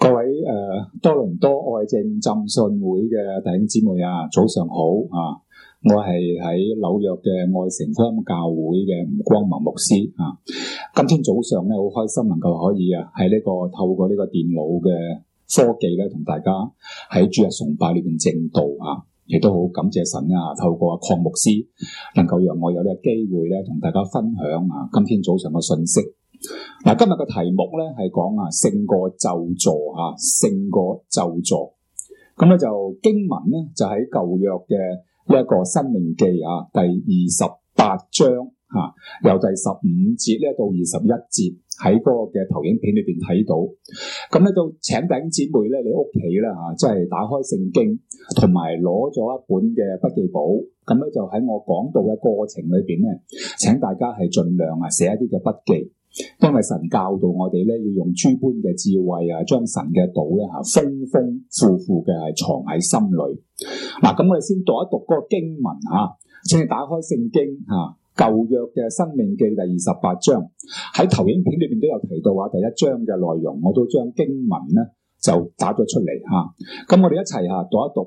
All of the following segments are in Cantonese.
各位誒，多倫多愛政浸信會嘅弟兄姊妹啊，早上好啊！我係喺紐約嘅愛城方教會嘅吳光謀牧師啊。今天早上咧，好開心能夠可以啊，喺呢個透過呢個電腦嘅科技咧，同大家喺主日崇拜裡面證道啊，亦都好感謝神啊！透過阿鄺牧師，能夠讓我有個機呢個機會咧，同大家分享啊，今天早上嘅信息。嗱，今日嘅題目咧係講啊勝過咒詛啊，勝過咒詛。咁咧就經文咧就喺舊約嘅一個申命記啊第二十八章啊由第十五節咧到二十一節，喺嗰個嘅投影片裏邊睇到。咁咧就請弟兄姊妹咧，你屋企啦吓，即、啊、係、即係、打開聖經，同埋攞咗一本嘅筆記簿。咁咧就喺我講到嘅過程裏邊咧，請大家係盡量啊寫一啲嘅筆記。因為神教導我哋咧，要用諸般嘅智慧啊，將神嘅道咧吓豐豐富富嘅藏喺心裏。嗱、啊，咁我哋先讀一讀嗰個經文吓、啊，請你打開聖經吓、啊，舊約嘅申命記第二十八章，喺投影片裏邊都有提到話第一章嘅內容，我都將經文咧就打咗出嚟吓。咁、啊、我哋一齊吓讀一讀，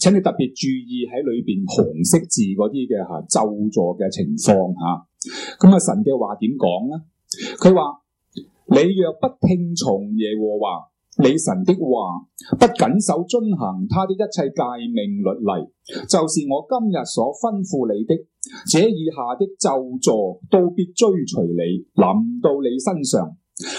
請你特別注意喺裏邊紅色字嗰啲嘅吓咒詛嘅情況吓。咁啊，啊，神嘅話點講咧？佢話：你若不聽從耶和華你神的話，不謹守遵行他的一切誡命律例，就是我今日所吩咐你的，這以下的咒詛都必追隨你臨到你身上。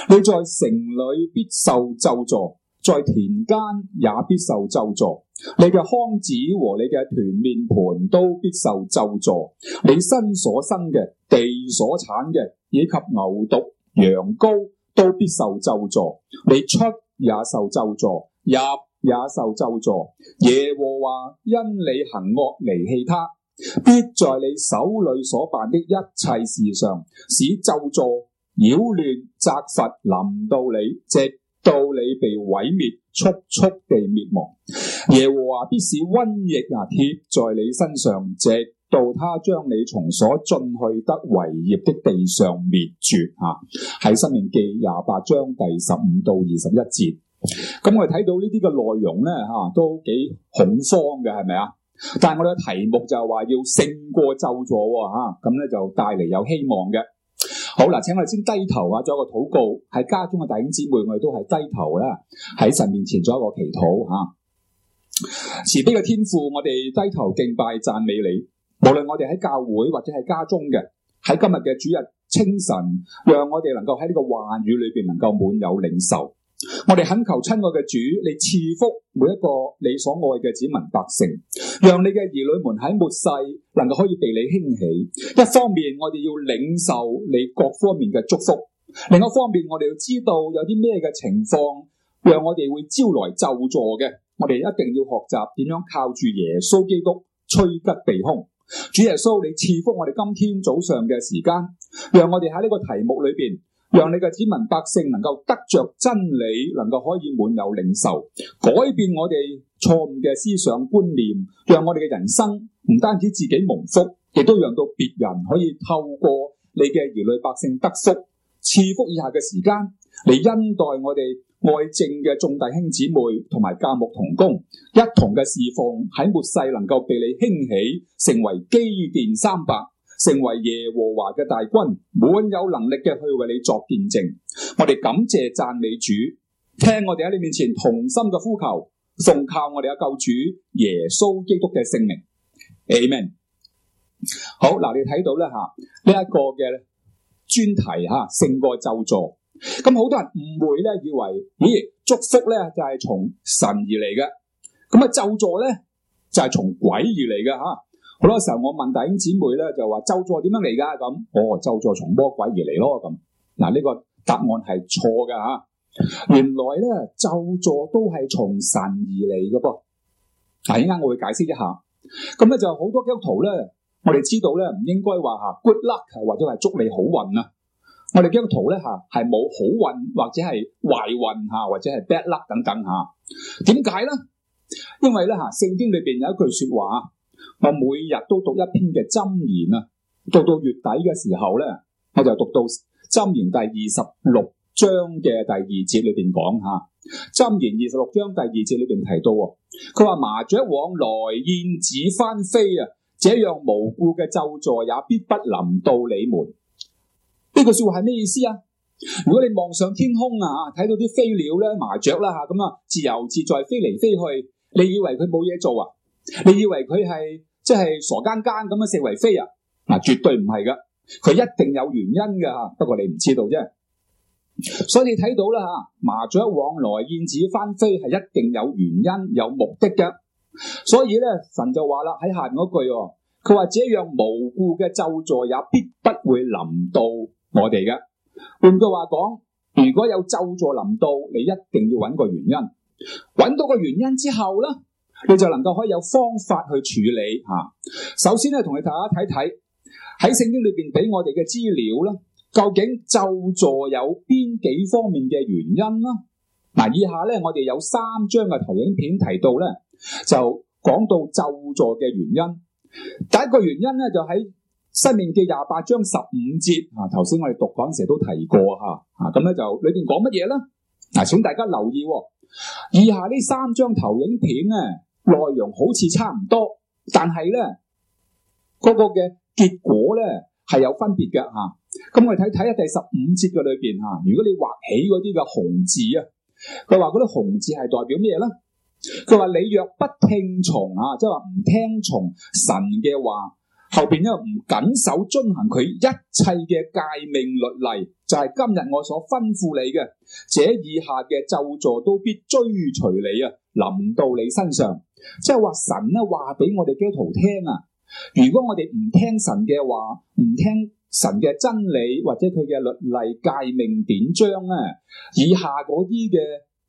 你在城裏必受咒詛，在田間也必受咒詛。你嘅筐子和你嘅摶麵盆都必受咒詛。你身所生嘅，地所產嘅。以及牛犢、羊羔都必受咒詛，你出也受咒詛，入也受咒詛。耶和華、啊、因你行惡離棄他，必在你手裏所辦的一切事上，使咒詛擾亂、責罰臨到你，直到你被毀滅，速速地滅亡。耶和華、啊、必使瘟疫也、啊、貼在你身上，直。到他將你從所進去得為業的地上滅絕啊！喺申命記廿八章第十五到二十一節，咁、啊嗯、我哋睇到內呢啲嘅內容咧吓，都幾恐慌嘅，係咪啊？但係我哋嘅題目就係話要勝過咒詛啊！咁、啊、咧、嗯、就帶嚟有希望嘅。好啦，請我哋先低頭啊，做一個禱告，喺家中嘅弟兄姊妹，我哋都係低頭啦，喺神面前做一個祈禱啊！慈悲嘅天父，我哋低頭敬拜讚美你。無論我哋喺教會或者係家中嘅，喺今日嘅主日清晨，讓我哋能夠喺呢個話語裏邊能夠滿有領受。我哋懇求親愛嘅主，你賜福每一個你所愛嘅子民百姓，讓你嘅兒女們喺末世能夠可以被你興起。一方面，我哋要領受你各方面嘅祝福；另一方面，我哋要知道有啲咩嘅情況，讓我哋會招來咒詛嘅。我哋一定要學習點樣靠住耶穌基督趨吉避凶。主耶穌，你賜福我哋今天早上嘅時間，讓我哋喺呢個題目裏邊，讓你嘅子民百姓能夠得着真理，能夠可以滿有領受，改變我哋錯誤嘅思想觀念，讓我哋嘅人生唔單止自己蒙福，亦都讓到別人可以透過你嘅兒女百姓得福，賜福以下嘅時間嚟恩待我哋。外證嘅眾弟兄姊妹同埋家木同工一同嘅侍奉，喺末世能夠被你興起，成為基甸三百，成為耶和華嘅大軍，滿有能力嘅去為你作見證。我哋感謝讚美主，聽我哋喺你面前同心嘅呼求，奉靠我哋嘅救主耶穌基督嘅聖名。Amen。好，嗱你睇到咧，吓，呢、這、一個嘅專題吓，勝過咒詛。咁好多人誤會咧，以為咦，祝福咧就係從神而嚟嘅，咁啊，咒詛咧就係從鬼而嚟嘅吓。好多時候我問弟兄姊妹咧，就話咒詛點樣嚟噶咁？哦，咒詛從魔鬼而嚟咯咁。嗱呢個答案係錯嘅吓。原來咧咒詛都係從神而嚟嘅噃。嗱依家我會解釋一下。咁咧就好多基督徒咧，我哋知道咧唔應該話吓 good luck 或者係祝你好運啊。我哋呢張圖咧，吓係冇好運或者係壞運嚇，或者係 bad luck 等等嚇。點解咧？因為咧嚇聖經裏邊有一句説話，我每日都讀一篇嘅箴言啊。讀到月底嘅時候咧，我就讀到箴言第二十六章嘅第二節裏邊講嚇。箴言二十六章第二節裏邊提到，佢話麻雀往來燕子翻飛啊，這樣無故嘅咒詛也必不臨到你們。呢個說話係咩意思啊？如果你望上天空啊，睇到啲飛鳥咧、麻雀啦吓咁啊，自由自在飛嚟飛去，你以為佢冇嘢做啊？你以為佢係即係傻更更咁樣四圍飛啊？嗱，絕對唔係噶，佢一定有原因嘅吓。不過你唔知道啫。所以你睇到啦吓，麻雀往來燕子翻飛係一定有原因、有目的嘅。所以咧，神就話啦喺下面嗰句，佢話：這樣無故嘅咒詛也必不會臨到。我哋嘅，換句話講，如果有咒詛臨到，你一定要揾個原因，揾到個原因之後咧，你就能夠可以有方法去處理吓、啊。首先咧，同你大家睇睇喺聖經裏邊俾我哋嘅資料咧，究竟咒詛有邊幾方面嘅原因啦？嗱、啊，以下咧我哋有三張嘅投影片提到咧，就講到咒詛嘅原因。第一個原因咧就喺、是。申命記廿八章十五節啊，頭先我哋讀陣時都提過吓，吓咁咧就裏邊講乜嘢咧？嗱、啊，請大家留意，啊、以下呢三張投影片啊，內容好似差唔多，但係咧嗰個嘅結果咧係有分別嘅吓。咁、啊、我哋睇睇下第十五節嘅裏邊吓、啊，如果你畫起嗰啲嘅紅字啊，佢話嗰啲紅字係代表咩咧？佢話你若不聽從啊，即係話唔聽從神嘅話。後邊因唔謹守遵行佢一切嘅誡命律例，就係今日我所吩咐你嘅，這以下嘅咒詛都必追隨你啊，臨到你身上。即係話神咧話俾我哋基督徒聽啊，如果我哋唔聽神嘅話，唔聽神嘅真理或者佢嘅律例誡命典章啊，以下嗰啲嘅。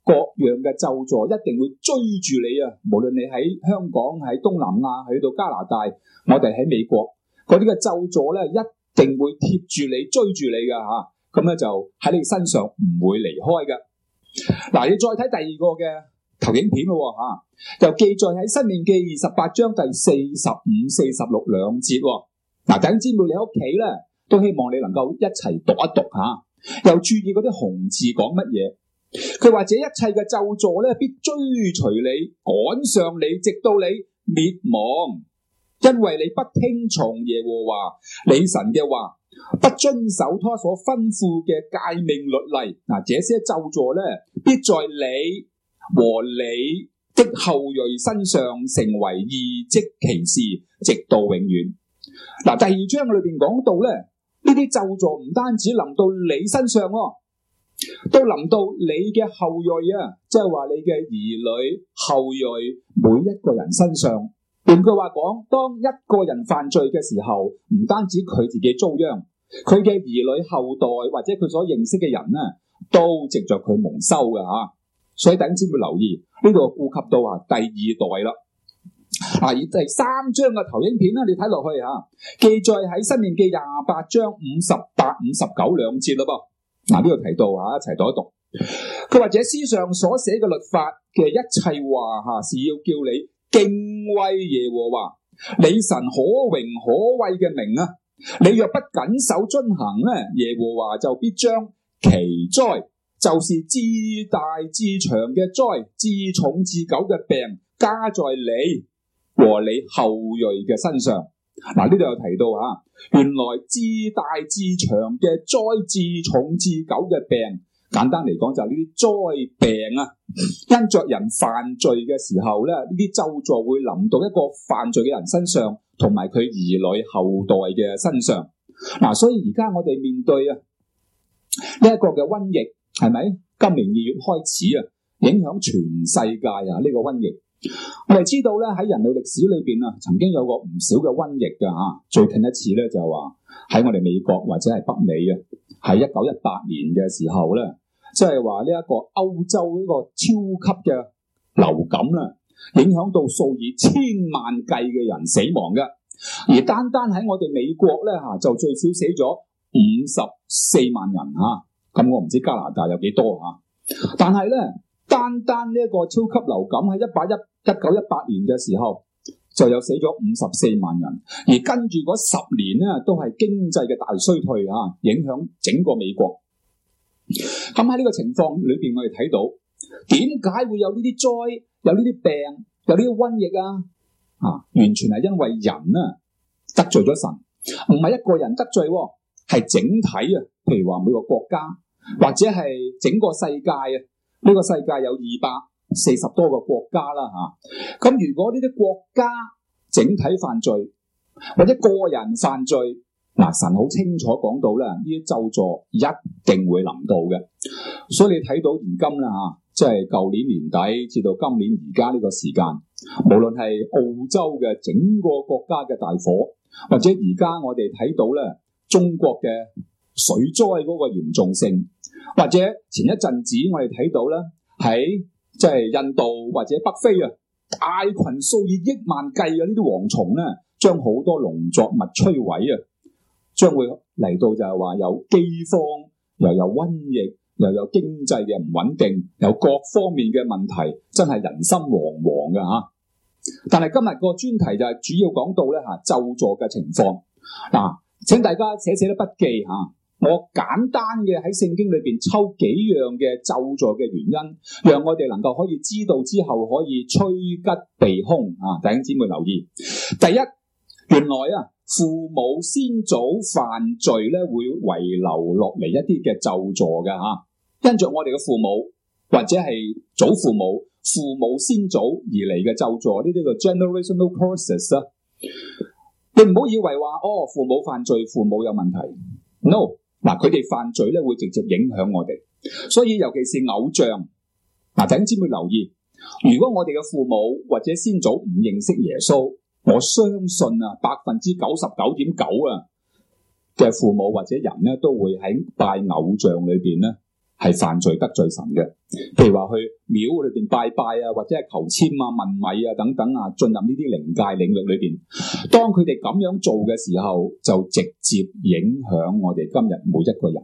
各樣嘅咒詛一定會追住你啊！無論你喺香港、喺東南亞、去到加拿大，我哋喺美國嗰啲嘅咒詛咧，一定會貼住你、追住你嘅吓。咁、啊、咧就喺你身上唔會離開嘅。嗱、啊，你再睇第二個嘅投影片咯吓、啊，就記載喺《申命記》二十八章第四十五、四十六兩節。嗱、啊，等之妹你喺屋企咧，都希望你能夠一齊讀一讀吓、啊，又注意嗰啲紅字講乜嘢。佢話：這一切嘅咒詛咧，必追隨你，趕上你，直到你滅亡，因為你不聽從耶和華你神嘅話，不遵守他所吩咐嘅誡命律例。嗱，這些咒詛咧，必在你和你的後裔身上成為異蹟奇事，直到永遠。嗱，第二章裏邊講到咧，呢啲咒詛唔單止臨到你身上，都臨到你嘅後裔啊，即係話你嘅兒女後裔每一個人身上。換句話講，當一個人犯罪嘅時候，唔單止佢自己遭殃，佢嘅兒女後代或者佢所認識嘅人呢，都藉着佢蒙羞嘅吓。所以等先要留意呢度，顧及到啊第二代啦。嗱，以第三張嘅投影片啦，你睇落去吓，記載喺申命記廿八章五十八、五十九兩節咯噃。嗱，呢度、啊、提到吓，一齊讀一讀。佢或者書上所寫嘅律法嘅一切話吓，是要叫你敬畏耶和華，你神可榮可畏嘅名啊！你若不謹守遵行咧，耶和華就必將奇災，就是至大至長嘅災、至重至久嘅病，加在你和你後裔嘅身上。嗱，呢度有提到啊，原來至大至長嘅災，至重至久嘅病，簡單嚟講就係呢啲災病啊，因着人犯罪嘅時候咧，呢啲咒詛會臨到一個犯罪嘅人身上，同埋佢兒女後代嘅身上。嗱、啊，所以而家我哋面對啊呢一、這個嘅瘟疫，係咪？今年二月開始啊，影響全世界啊，呢、這個瘟疫。我哋知道咧，喺人類歷史裏邊啊，曾經有過唔少嘅瘟疫嘅吓，最近一次咧就係話，喺我哋美國或者係北美嘅，喺一九一八年嘅時候咧，即係話呢一個歐洲呢個超級嘅流感啦，影響到數以千萬計嘅人死亡嘅，而單單喺我哋美國咧吓，就最少死咗五十四萬人吓，咁我唔知加拿大有幾多吓，但係咧，單單呢一個超級流感喺一百一。一九一八年嘅時候，就有死咗五十四萬人，而跟住嗰十年咧，都係經濟嘅大衰退啊，影響整個美國。咁喺呢個情況裏邊，我哋睇到點解會有呢啲災、有呢啲病、有呢個瘟疫啊？啊，完全係因為人啊得罪咗神，唔係一個人得罪啊，係整體啊。譬如話每個國家或者係整個世界啊，呢個世界有二百。四十多個國家啦，吓、啊、咁。如果呢啲國家整體犯罪或者個人犯罪，嗱、啊，神好清楚講到咧，呢啲咒詛一定會臨到嘅。所以你睇到而今咧，吓即係舊年年底至到今年而家呢個時間，無論係澳洲嘅整個國家嘅大火，或者而家我哋睇到咧，中國嘅水災嗰個嚴重性，或者前一陣子我哋睇到咧喺。即係印度或者北非啊，大群數以億萬計嘅呢啲蝗蟲咧，將好多農作物摧毀啊，將會嚟到就係話有饑荒，又有瘟疫，又有經濟嘅唔穩定，有各方面嘅問題，真係人心惶惶㗎嚇。但係今日個專題就係主要講到咧嚇咒詛嘅情況嗱，請大家寫寫啲筆記嚇。我簡單嘅喺聖經裏邊抽幾樣嘅咒詛嘅原因，讓我哋能夠可以知道之後可以趨吉避凶啊！弟兄姊妹留意，第一，原來啊，父母先祖犯罪咧，會遺留落嚟一啲嘅咒詛嘅吓，跟住我哋嘅父母或者係祖父母、父母先祖而嚟嘅咒詛，呢啲叫 generational curses 啊！你唔好以為話哦，父母犯罪，父母有問題，no。嗱，佢哋犯罪咧會直接影響我哋，所以尤其是偶像，嗱，請姊妹留意，如果我哋嘅父母或者先祖唔認識耶穌，我相信啊，百分之九十九點九啊嘅父母或者人咧，都會喺拜偶像裏邊咧。係犯罪得罪神嘅。譬如話去廟裏邊拜拜啊，或者係求籤啊、問米啊等等啊，進入呢啲靈界領域裏邊，當佢哋咁樣做嘅時候，就直接影響我哋今日每一個人，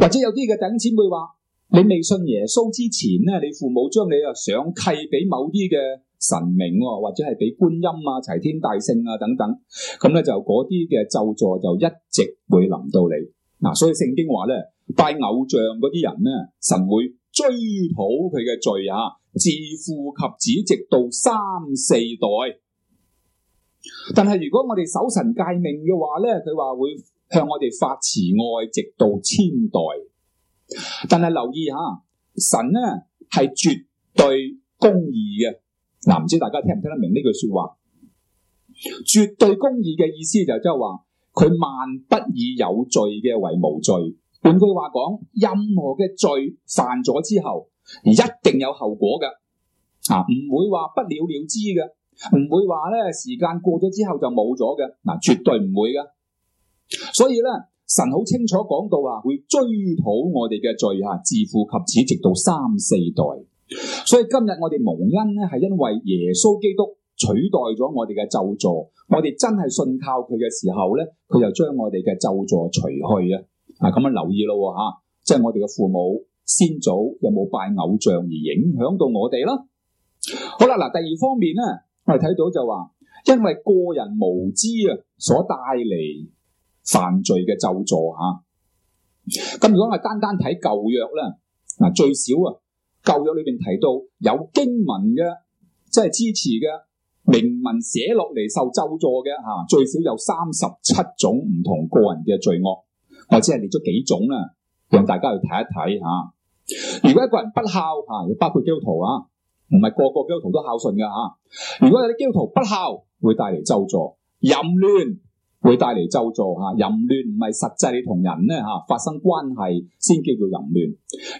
或者有啲嘅弟兄姊妹話：你未信耶穌之前咧，你父母將你又想契俾某啲嘅神明，或者係俾觀音啊、齊天大聖啊等等，咁咧就嗰啲嘅咒詛就一直會臨到你嗱，所以聖經話咧。拜偶像嗰啲人呢，神會追討佢嘅罪啊，自父及子直到三四代。但係如果我哋守神誡命嘅話呢，佢話會向我哋發慈愛直到千代。但係留意下，神呢係絕對公義嘅。嗱，唔知大家聽唔聽得明呢句說話？絕對公義嘅意思就即係話，佢萬不以有罪嘅為無罪。換句話講，任何嘅罪犯咗之後，一定有後果嘅，啊，唔會話不了了之嘅，唔會話咧時間過咗之後就冇咗嘅，嗱、啊，絕對唔會噶。所以咧，神好清楚講到話，會追討我哋嘅罪啊，自父及子，直到三四代。所以今日我哋蒙恩咧，係因為耶穌基督取代咗我哋嘅咒詛。我哋真係信靠佢嘅時候咧，佢就將我哋嘅咒詛除去啊。嗱咁啊，樣留意咯吓，即係我哋嘅父母先祖有冇拜偶像而影響到我哋啦？好啦，嗱第二方面咧，我哋睇到就話，因為個人無知啊，所帶嚟犯罪嘅咒助吓。咁如果我單單睇舊約啦，嗱最少啊，舊約裏邊提到有經文嘅，即係支持嘅明文寫落嚟受咒助嘅吓，最少有三十七種唔同個人嘅罪惡。我只係列咗幾種啦，讓大家去睇一睇嚇。如果一個人不孝嚇，要、啊、包括基督徒啊，唔係個個基督徒都孝順嘅嚇。如果有啲基督徒不孝，會帶嚟咒詛。淫亂會帶嚟咒詛。嚇、啊。淫亂唔係實際你同人咧嚇、啊、發生關係先叫做淫亂。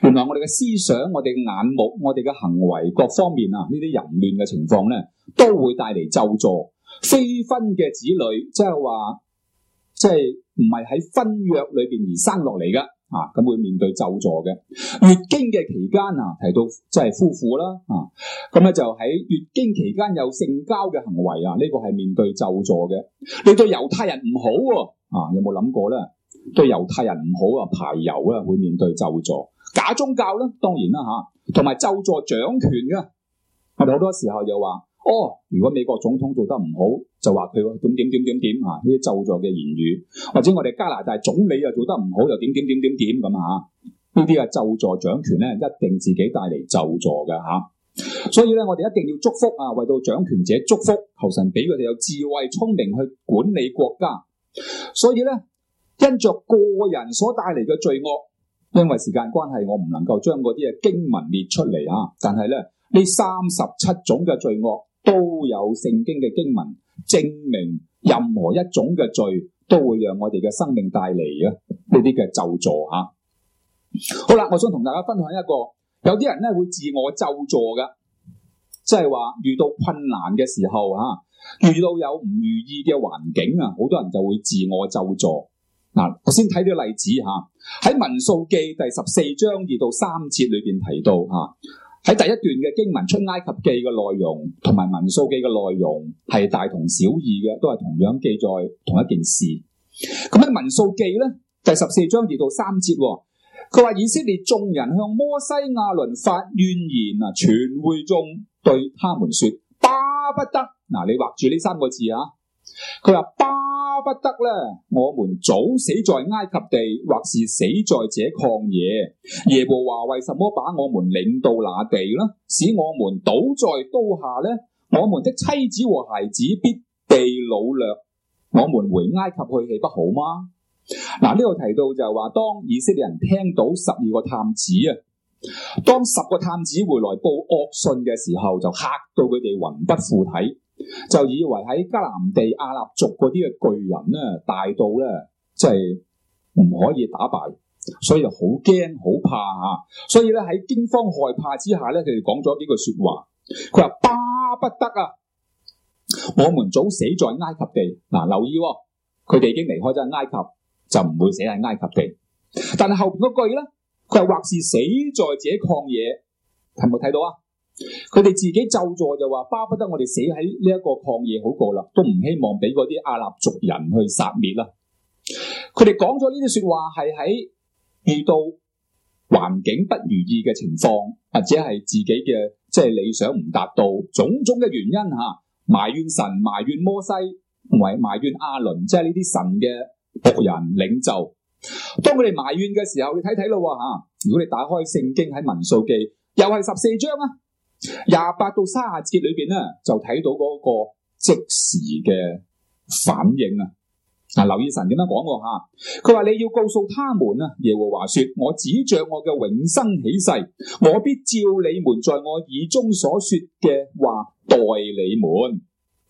原來我哋嘅思想、我哋嘅眼目、我哋嘅行為各方面啊，亂呢啲淫亂嘅情況咧，都會帶嚟咒詛。非婚嘅子女，即係話。即係唔係喺婚約裏邊而生落嚟嘅，啊咁會面對咒詛嘅，月經嘅期間啊，提到即係夫婦啦，啊咁咧、啊、就喺月經期間有性交嘅行為啊，呢、這個係面對咒詛嘅，你對猶太人唔好啊，啊有冇諗過咧？對猶太人唔好啊，排猶啊，會面對咒詛。假宗教咧，當然啦吓，同、啊、埋咒詛掌權嘅，好多時候又話哦，如果美國總統做得唔好。就話佢點點點點點啊！呢啲咒詛嘅言語，或者我哋加拿大總理又做得唔好，又點點點點點咁啊？呢啲啊，咒詛掌權咧，一定自己帶嚟咒詛嘅吓。所以咧，我哋一定要祝福啊，為到掌權者祝福，求神俾佢哋有智慧、聰明去管理國家。所以咧，因着個人所帶嚟嘅罪惡，因為時間關係，我唔能夠將嗰啲嘅經文列出嚟啊。但係咧，呢三十七種嘅罪惡都有聖經嘅經文。證明任何一種嘅罪都會讓我哋嘅生命帶嚟啊呢啲嘅咒詛吓。好啦，我想同大家分享一個，有啲人咧會自我咒詛嘅，即係話遇到困難嘅時候啊，遇到有唔如意嘅環境啊，好多人就會自我咒詛嗱。我先睇啲例子吓，喺《民數記》第十四章二到三節裏邊提到吓。喺第一段嘅經文出埃及記嘅內容同埋民數記嘅內容係大同小異嘅，都係同樣記載同一件事。咁喺民數記咧，第十四章二到三節，佢話以色列眾人向摩西亞倫發怨言啊，全會眾對他們說：巴不得嗱，你畫住呢三個字啊。佢話巴。不得咧！我們早死在埃及地，或是死在這曠野。耶和華為什麼把我們領到那地呢？使我們倒在刀下呢？我們的妻子和孩子必被擄掠。我們回埃及去，豈不好嗎？嗱、啊，呢度提到就係話，當以色列人聽到十二個探子啊，當十個探子回來報惡訊嘅時候，就嚇到佢哋魂不附體。就以為喺迦南地亞納族嗰啲嘅巨人咧，大到咧即係唔可以打敗，所以就好驚好怕啊！所以咧喺驚慌害怕之下咧，佢哋講咗幾句說話。佢話巴不得啊，我們早死在埃及地嗱，留意佢哋已經離開咗埃及，就唔會死喺埃及地。但係後邊嗰句咧，佢話或是死在這曠野，有冇睇到啊？佢哋自己咒詛就話，巴不得我哋死喺呢一個曠野好過啦，都唔希望俾嗰啲亞納族人去殺滅啦。佢哋講咗呢啲說話，係喺遇到環境不如意嘅情況，或者係自己嘅即係理想唔達到，種種嘅原因吓，埋怨神，埋怨摩西，埋埋怨亞倫，即係呢啲神嘅僕人領袖。當佢哋埋怨嘅時候，你睇睇咯吓，如果你打開聖經喺民數記，又係十四章啊。廿八到三十節裏邊呢，就睇到嗰個即時嘅反應啊！嗱，留意神點樣講個吓，佢話，你要告訴他們啊，耶和華說：我指着我嘅永生起誓，我必照你們在我耳中所說嘅話待你們。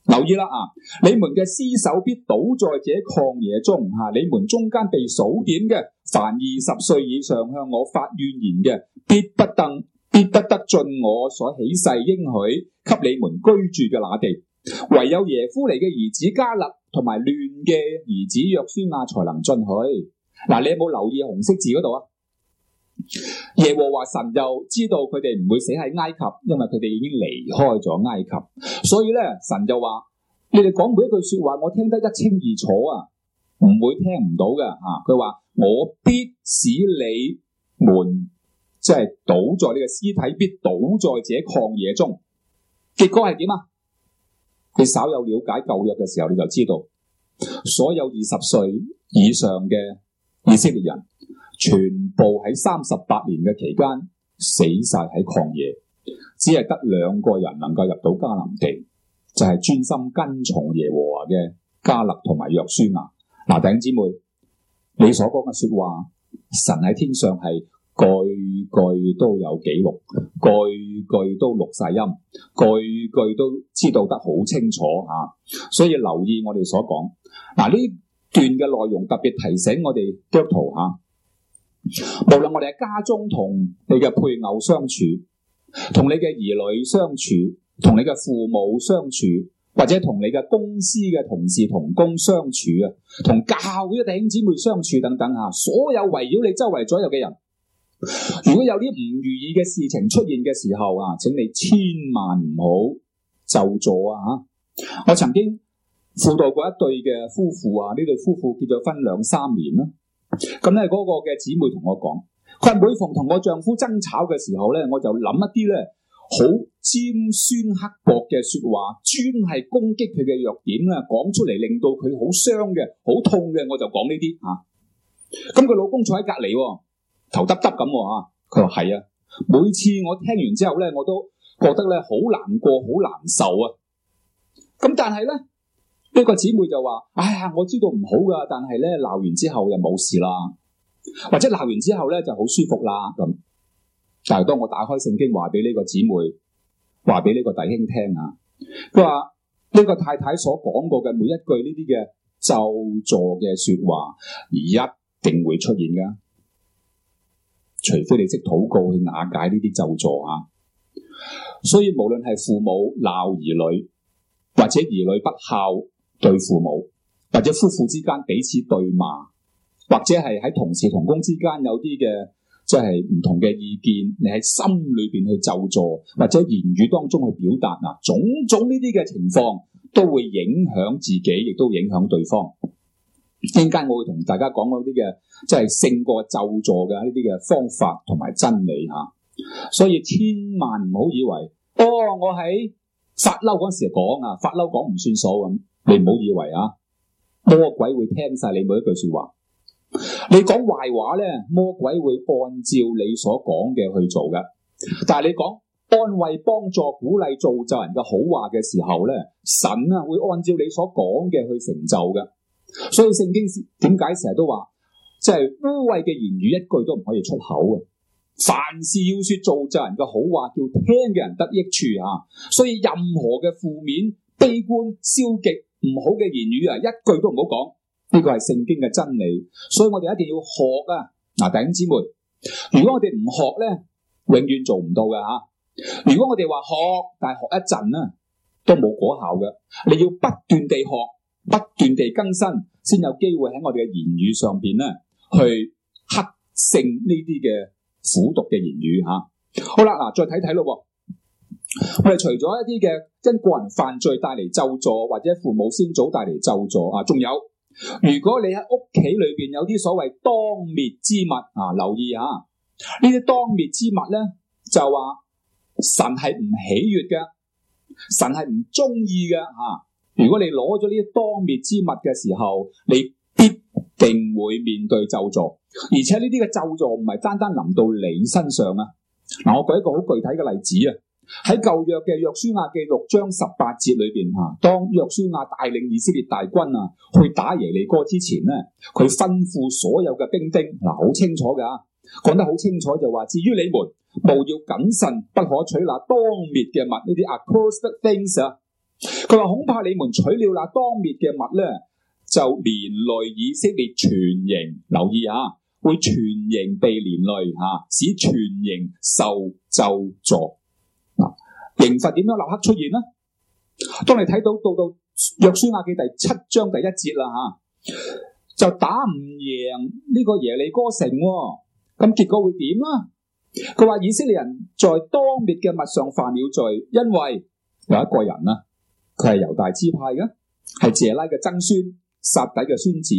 留意啦啊，你們嘅屍首必倒在這曠野中。吓，你們中間被數點嘅，凡二十歲以上向我發怨言嘅，必不登。必得得進我所起誓應許給你們居住嘅那地，唯有耶孚尼嘅兒子迦勒同埋亂嘅兒子約書亞才能進去。嗱、啊，你有冇留意紅色字嗰度啊？耶和華神就知道佢哋唔會死喺埃及，因為佢哋已經離開咗埃及。所以咧，神就話：你哋講每一句說話，我聽得一清二楚啊，唔會聽唔到嘅。啊，佢話我必使你們。即係倒在你嘅屍體，必倒在這曠野中，結果係點啊？你稍有了解舊約嘅時候，你就知道，所有二十歲以上嘅以色列人，全部喺三十八年嘅期間死晒喺曠野，只係得兩個人能夠入到迦南地，就係、是、專心跟從耶和華嘅加勒同埋約書亞。嗱，弟兄姊妹，你所講嘅說話，神喺天上係句句都有記錄，句句都錄晒音，句句都知道得好清楚吓，所以留意我哋所講嗱，呢段嘅內容，特別提醒我哋基督徒吓。無論我哋喺家中同你嘅配偶相處，同你嘅兒女相處，同你嘅父母相處，或者同你嘅公司嘅同事同工相處啊，同教會嘅弟兄姊妹相處等等吓，所有圍繞你周圍左右嘅人，如果有啲唔如意嘅事情出現嘅時候啊，請你千萬唔好就坐啊！吓，我曾經輔導過一對嘅夫婦啊，呢對夫婦結咗婚兩三年啦，咁咧嗰個嘅姊妹同我講，佢係每逢同我丈夫爭吵嘅時候咧，我就諗一啲咧好尖酸刻薄嘅說話，專係攻擊佢嘅弱點啊，講出嚟令到佢好傷嘅、好痛嘅，我就講呢啲啊。咁佢老公坐喺隔籬。頭耷耷咁喎，嚇，佢話係啊，每次我聽完之後咧，我都覺得咧好難過，好難受啊。咁但係咧呢個姊妹就話，哎呀，我知道唔好噶，但係咧鬧完之後又冇事啦，或者鬧完之後咧就好舒服啦咁。但係當我打開聖經，話俾呢個姊妹，話俾呢個弟兄聽啊，佢話呢個太太所講過嘅每一句呢啲嘅咒詛嘅說話，一定會出現噶。除非你識禱告去瓦解呢啲咒詛啊，所以無論係父母鬧兒女，或者兒女不孝對父母，或者夫婦之間彼此對罵，或者係喺同事同工之間有啲嘅即係唔同嘅意見，你喺心裏邊去咒詛，或者言語當中去表達，嗱、呃，種種呢啲嘅情況都會影響自己，亦都影響對方。陣間我會同大家講嗰啲嘅即係勝過咒詛嘅呢啲嘅方法同埋真理吓，所以千萬唔好以為哦，我喺發嬲嗰時講啊，發嬲講唔算數咁，你唔好以為啊，魔鬼會聽晒你每一句說話。你講壞話咧，魔鬼會按照你所講嘅去做嘅。但係你講安慰、幫助、鼓勵、造就人嘅好話嘅時候咧，神啊會按照你所講嘅去成就嘅。所以聖經點解成日都話，即係污穢嘅言語一句都唔可以出口嘅。凡事要說造就人嘅好話，叫聽嘅人得益處啊。所以任何嘅負面、悲觀、消極、唔好嘅言語啊，一句都唔好講。呢個係聖經嘅真理，所以我哋一定要學啊。嗱，弟兄姊妹，如果我哋唔學咧，永遠做唔到嘅吓。如果我哋話學，但係學一陣啊，都冇果效嘅。你要不斷地學。不斷地更新，先有機會喺我哋嘅言語上邊咧，去克勝呢啲嘅苦毒嘅言語吓、啊。好啦，嗱，再睇睇咯。我哋除咗一啲嘅因個人犯罪帶嚟咒詛，或者父母先祖帶嚟咒詛，啊，仲有如果你喺屋企裏邊有啲所謂當滅之物啊，留意下。呢啲當滅之物咧，就話神係唔喜悅嘅，神係唔中意嘅吓。啊如果你攞咗呢啲當滅之物嘅時候，你必定會面對咒詛。而且呢啲嘅咒詛唔係單單臨到你身上啊！嗱，我舉一個好具體嘅例子啊，喺舊約嘅約書亞記六章十八節裏邊啊，當約書亞帶領以色列大軍啊去打耶利哥之前呢，佢吩咐所有嘅兵丁，嗱，好清楚噶，講得好清楚就話，至於你們，務要謹慎，不可取拿當滅嘅物呢啲啊，accursed things 啊。佢話恐怕你們取了那當滅嘅物咧，就連累以色列全營。留意吓，會全營被連累吓，使全營受咒詛。刑罰點樣立刻出現呢？當你睇到到到約書亞記第七章第一節啦吓，就打唔贏呢個耶利哥城，咁結果會點呢？佢話以色列人在當滅嘅物上犯了罪，因為有一個人啦。佢係猶大支派嘅，係謝拉嘅曾孫，撒底嘅孫子，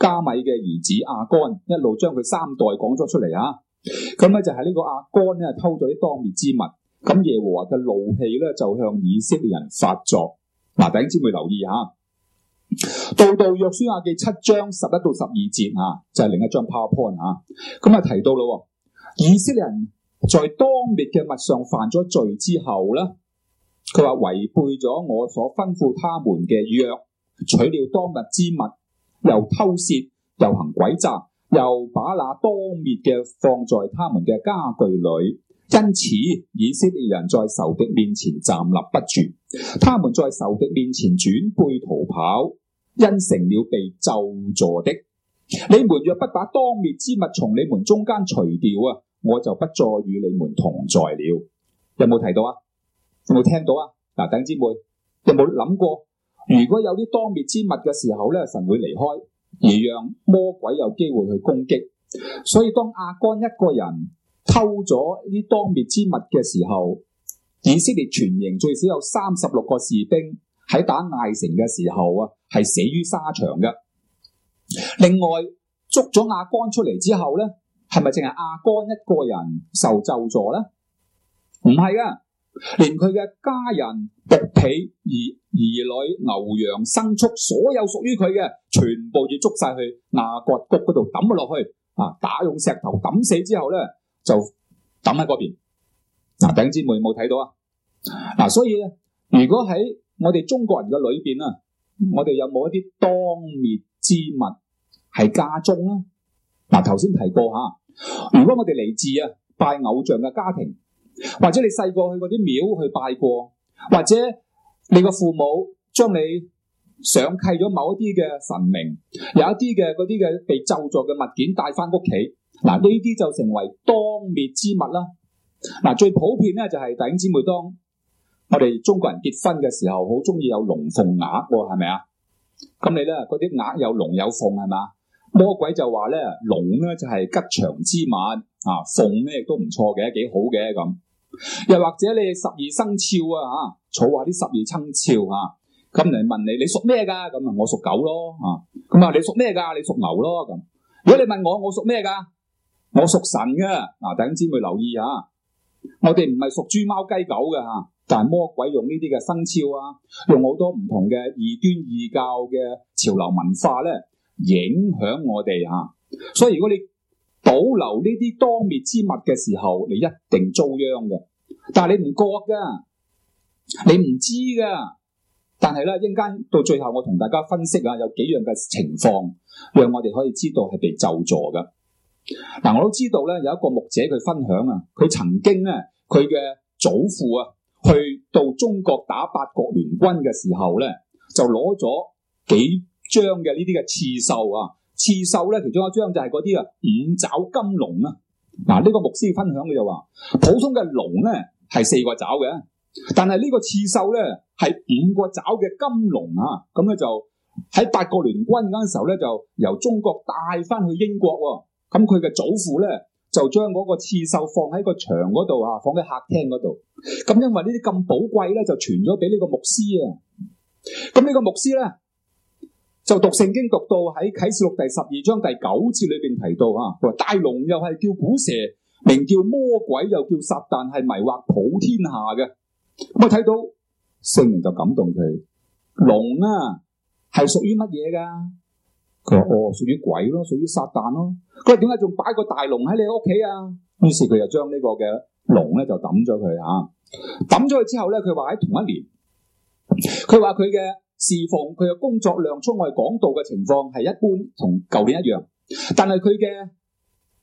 加米嘅兒子亞干，一路將佢三代講咗出嚟啊！咁咧就係、是、呢個亞干咧偷咗啲當滅之物，咁耶和華嘅怒氣咧就向以色列人發作。嗱、啊，頂先會留意啊！道道約書亞記七章十一到十二節、就是、啊，就係另一張 PowerPoint 啊！咁啊提到咯，以色列人在當滅嘅物上犯咗罪之後咧。佢話違背咗我所吩咐他們嘅約，取了當滅之物，又偷竊，又行詭詐，又把那當滅嘅放在他們嘅家具裏。因此，以色列人在仇敵面前站立不住，他們在仇敵面前轉背逃跑，因成了被咒詛的。你們若不把當滅之物從你們中間除掉啊，我就不再與你們同在了。有冇睇到啊？有冇聽到啊？嗱，弟兄姊妹，有冇諗過？如果有啲當滅之物嘅時候咧，神會離開，而讓魔鬼有機會去攻擊。所以當亞干一個人偷咗呢啲當滅之物嘅時候，以色列全營最少有三十六個士兵喺打艾城嘅時候啊，係死於沙場嘅。另外捉咗亞干出嚟之後咧，係咪淨係亞干一個人受咒詛咧？唔係啊！連佢嘅家人、僕婢、兒兒女、牛羊牲畜，所有屬於佢嘅，全部要捉晒去亞割谷嗰度抌落去啊！打用石頭抌死之後咧，就抌喺嗰邊。嗱，頂姐妹有冇睇到啊？嗱，所以咧，如果喺我哋中國人嘅裏邊啊，我哋有冇一啲當滅之物係家中啊？嗱，頭先提過吓，如果我哋嚟自啊拜偶像嘅家庭。或者你細個去嗰啲廟去拜過，或者你個父母將你上契咗某一啲嘅神明，有一啲嘅嗰啲嘅被咒詛嘅物件帶翻屋企，嗱，呢啲就成為當滅之物啦。嗱，最普遍咧就係弟兄姊妹，當我哋中國人結婚嘅時候，好中意有龍鳳鴨個係咪啊？咁你咧嗰啲鴨有龍有鳳係咪啊？魔鬼就話咧龍咧就係吉祥之物啊，鳳咧都唔錯嘅，幾好嘅咁。又或者你十二生肖啊，吓坐下啲十二生肖啊，咁嚟問你，你屬咩噶？咁啊，我屬狗咯，啊，咁啊，你屬咩噶？你屬牛咯。咁、啊、如果你問我，我屬咩噶？我屬神嘅。嗱、啊，弟兄姊妹留意啊，我哋唔係屬豬、貓、雞、狗嘅吓，但係魔鬼用呢啲嘅生肖啊，用好多唔同嘅異端異教嘅潮流文化咧，影響我哋吓、啊。所以如果你，保留呢啲當滅之物嘅時候，你一定遭殃嘅。但係你唔覺噶，你唔知噶。但係咧，一陣間到最後，我同大家分析下有幾樣嘅情況，讓我哋可以知道係被咒詛噶。嗱，我都知道咧，有一個牧者佢分享啊，佢曾經咧，佢嘅祖父啊，去到中國打八國聯軍嘅時候咧，就攞咗幾張嘅呢啲嘅刺繡啊。刺繡咧，其中一張就係嗰啲啊五爪金龍啊！嗱，呢個牧師分享嘅就話，普通嘅龍咧係四個爪嘅，但係呢個刺繡咧係五個爪嘅金龍啊！咁咧就喺八國聯軍嗰陣時候咧，就由中國帶翻去英國，咁佢嘅祖父咧就將嗰個刺繡放喺個牆嗰度啊，放喺客廳嗰度。咁、啊、因為寶貴呢啲咁寶貴咧，就傳咗俾呢個牧師啊。咁呢個牧師咧。就讀聖經讀到喺啟示錄第十二章第九節裏邊提到啊，佢話大龍又係叫古蛇，名叫魔鬼，又叫撒旦，係迷惑普天下嘅。咁啊睇到聖靈就感動佢，龍啊係屬於乜嘢噶？佢話哦屬於鬼咯，屬於撒旦咯。佢話點解仲擺個大龍喺你屋企啊？於是佢就將呢個嘅龍咧就抌咗佢啊。抌咗佢之後咧，佢話喺同一年，佢話佢嘅。侍奉佢嘅工作量，出外講道嘅情況係一般，同舊年一樣。但係佢嘅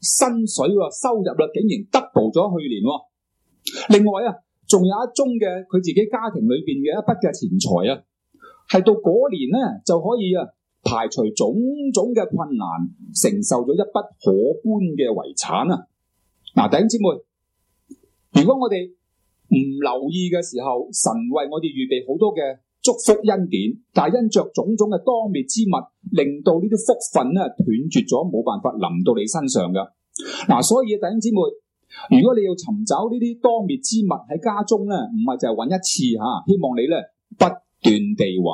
薪水、收入啦，竟然 double 咗去年。另外啊，仲有一宗嘅佢自己家庭裏邊嘅一筆嘅錢財啊，係到嗰年呢就可以啊排除種種嘅困難，承受咗一筆可觀嘅遺產啊。嗱，弟兄姊妹，如果我哋唔留意嘅時候，神為我哋預備好多嘅。祝福恩典，但係因着種種嘅當滅之物，令到呢啲福分呢斷絕咗，冇辦法臨到你身上嘅。嗱、啊，所以弟兄姊妹，如果你要尋找呢啲當滅之物喺家中呢，唔係就係揾一次吓、啊，希望你呢不斷地揾，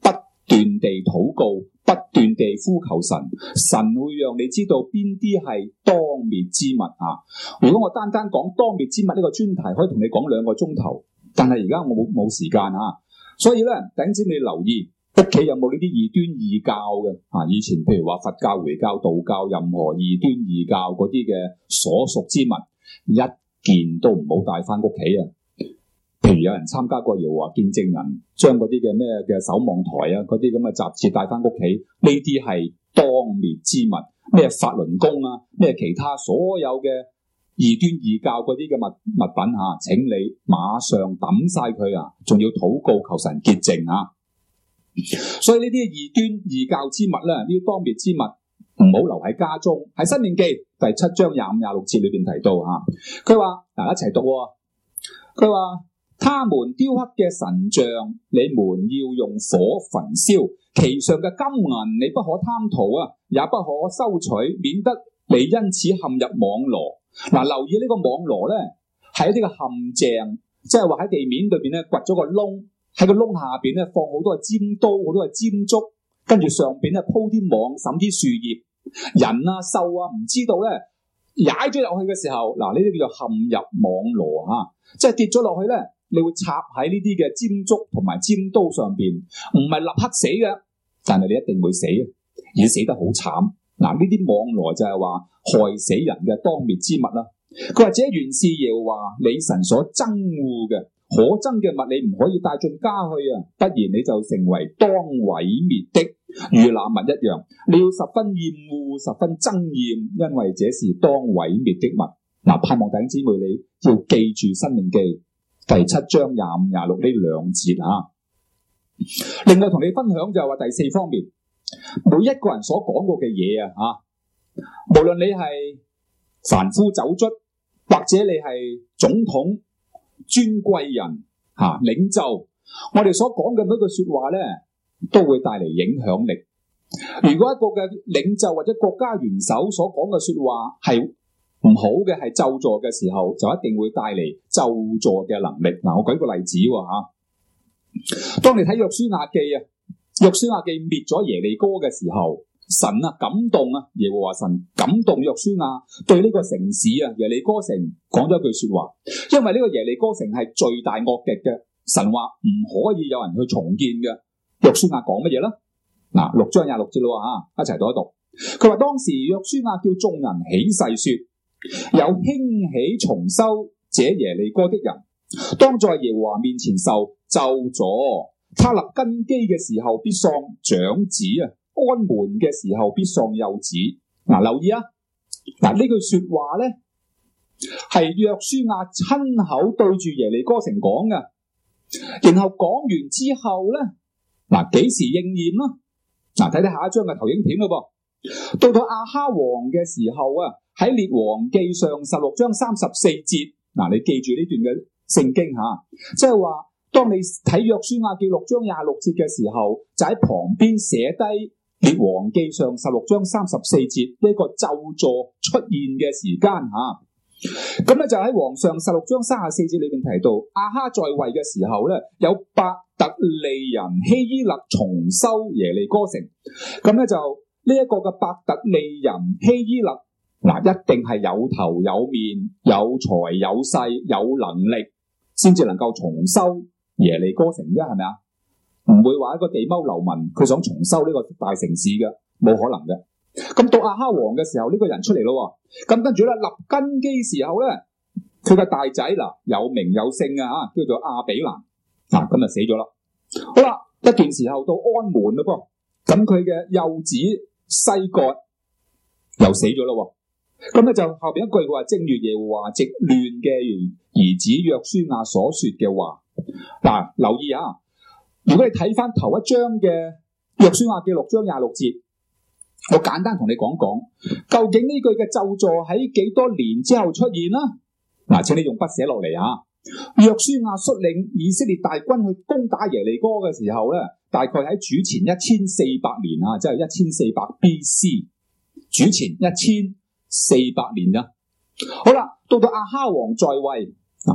不斷地禱告，不斷地呼求神，神會讓你知道邊啲係當滅之物啊！如果我單單講當滅之物呢個專題，可以同你講兩個鐘頭，但係而家我冇冇時間啊！所以咧，頂尖你留意屋企有冇呢啲異端異教嘅啊？以前譬如話佛教、回教、道教，任何異端異教嗰啲嘅所屬之物，一件都唔好帶翻屋企啊！譬如有人參加過耶和華見證人，將嗰啲嘅咩嘅守望台啊，嗰啲咁嘅雜誌帶翻屋企，呢啲係當滅之物。咩法輪功啊，咩其他所有嘅。異端異教嗰啲嘅物物品吓，請你馬上抌晒佢啊！仲要禱告求神潔淨啊！所以呢啲異端異教之物咧，呢啲當滅之物，唔好留喺家中。喺申命記第七章廿五廿六節裏邊提到啊，佢話：，嗱，一齊讀。佢話：，他們雕刻嘅神像，你們要用火焚燒；，其上嘅金銀，你不可貪圖啊，也不可收取，免得你因此陷入網羅。嗱、啊，留意呢個網羅咧，係一啲陷阱，即係話喺地面裏邊咧掘咗個窿，喺個窿下邊咧放好多嘅尖刀，好多嘅尖竹，跟住上邊咧鋪啲網，沈啲樹葉，人啊、獸啊，唔知道咧踩咗入去嘅時候，嗱、啊，呢啲叫做陷入網羅啊，即係跌咗落去咧，你會插喺呢啲嘅尖竹同埋尖刀上邊，唔係立刻死嘅，但係你一定會死，而且死得好慘。嗱，呢啲網羅就係話害死人嘅當滅之物啦。佢或者袁士堯話：，你神所憎惡嘅，可憎嘅物，你唔可以帶進家去啊，不然你就成為當毀滅的，如那物一樣。你要十分厭惡，十分憎厭，厭，因為這是當毀滅的物。嗱、呃，盼望弟兄姊妹，你要記住申命記第七章廿五廿六呢兩節啊。另外同你分享就係話第四方面。每一個人所講過嘅嘢啊，無論你係凡夫走卒，或者你係總統尊貴人吓、啊、領袖，我哋所講嘅每句說話咧，都會帶嚟影響力。如果一個嘅領袖或者國家元首所講嘅說話係唔好嘅，係咒詛嘅時候，就一定會帶嚟咒詛嘅能力。嗱、啊，我舉個例子吓、啊，當你睇《約書亞記》啊。約書亞記滅咗耶利哥嘅時候，神啊感動啊，耶和華神感動約書亞對呢個城市啊耶利哥城講咗一句說話，因為呢個耶利哥城係罪大惡極嘅，神話唔可以有人去重建嘅。約書亞講乜嘢啦？嗱，六章廿六節啦吓，一齊讀一讀。佢話，當時約書亞叫眾人起誓說，有興起重修這耶利哥的人，當在耶和華面前受咒詛。他立根基嘅時候必喪長子啊，安門嘅時候必喪幼子。嗱，留意啊，嗱呢句說話咧係約書亞親口對住耶利哥城講嘅。然後講完之後咧，嗱幾時應驗咯？嗱，睇睇下一張嘅投影片咯噃。到到亞哈王嘅時候啊，喺列王記上十六章三十四節，嗱你記住呢段嘅聖經吓，即係話。當你睇約書亞記六章廿六節嘅時候，就喺旁邊寫低《列王記上》十六章三十四節呢一個咒詛出現嘅時間吓。咁、啊、咧就喺《王上》十六章三十四節裏邊提到，亞哈在位嘅時候咧，有伯特利人希伊勒重修耶利哥城。咁咧就呢一個嘅伯特利人希伊勒，嗱一定係有頭有面、有財有勢、有能力，先至能夠重修。耶利哥城啫，係咪啊？唔會話一個地踎流民，佢想重修呢個大城市嘅，冇可能嘅。咁到亞哈王嘅時候，呢、這個人出嚟咯。咁跟住咧立根基時候咧，佢嘅大仔嗱、啊、有名有姓啊，叫做亞比蘭嗱，咁、啊、就死咗啦。好啦，一段時候到安門咯噃，咁佢嘅幼子西割又死咗啦。咁咧就後邊一句佢話正如耶和華直亂嘅兒子約書亞所說嘅話。嗱，留意啊！如果你睇翻頭一章嘅約書亞記六章廿六節，我簡單同你講講，究竟呢句嘅咒詛喺幾多年之後出現啦？嗱，請你用筆寫落嚟啊！約書亞率領以色列大軍去攻打耶利哥嘅時候咧，大概喺主前一千四百年啊，即係一千四百 B.C. 主前一千四百年啦。好啦，到到阿哈王在位。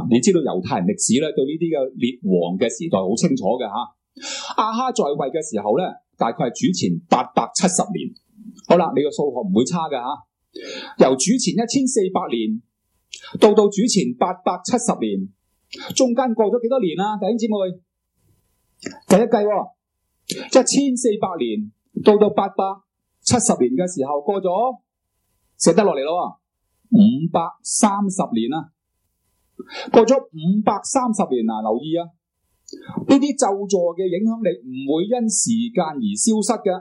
你知道猶太人歷史咧，對呢啲嘅列王嘅時代好清楚嘅吓。亞、啊、哈在位嘅時候咧，大概係主前八百七十年。好啦，你個數學唔會差嘅吓，啊。由主前一千四百年到到主前八百七十年，中間過咗幾多年啊？弟兄姊妹，第一計即係一千四百年到到八百七十年嘅時候，過咗寫得落嚟咯，五百三十年啦。過咗五百三十年，嗱留意啊，呢啲咒詛嘅影響力唔會因時間而消失嘅。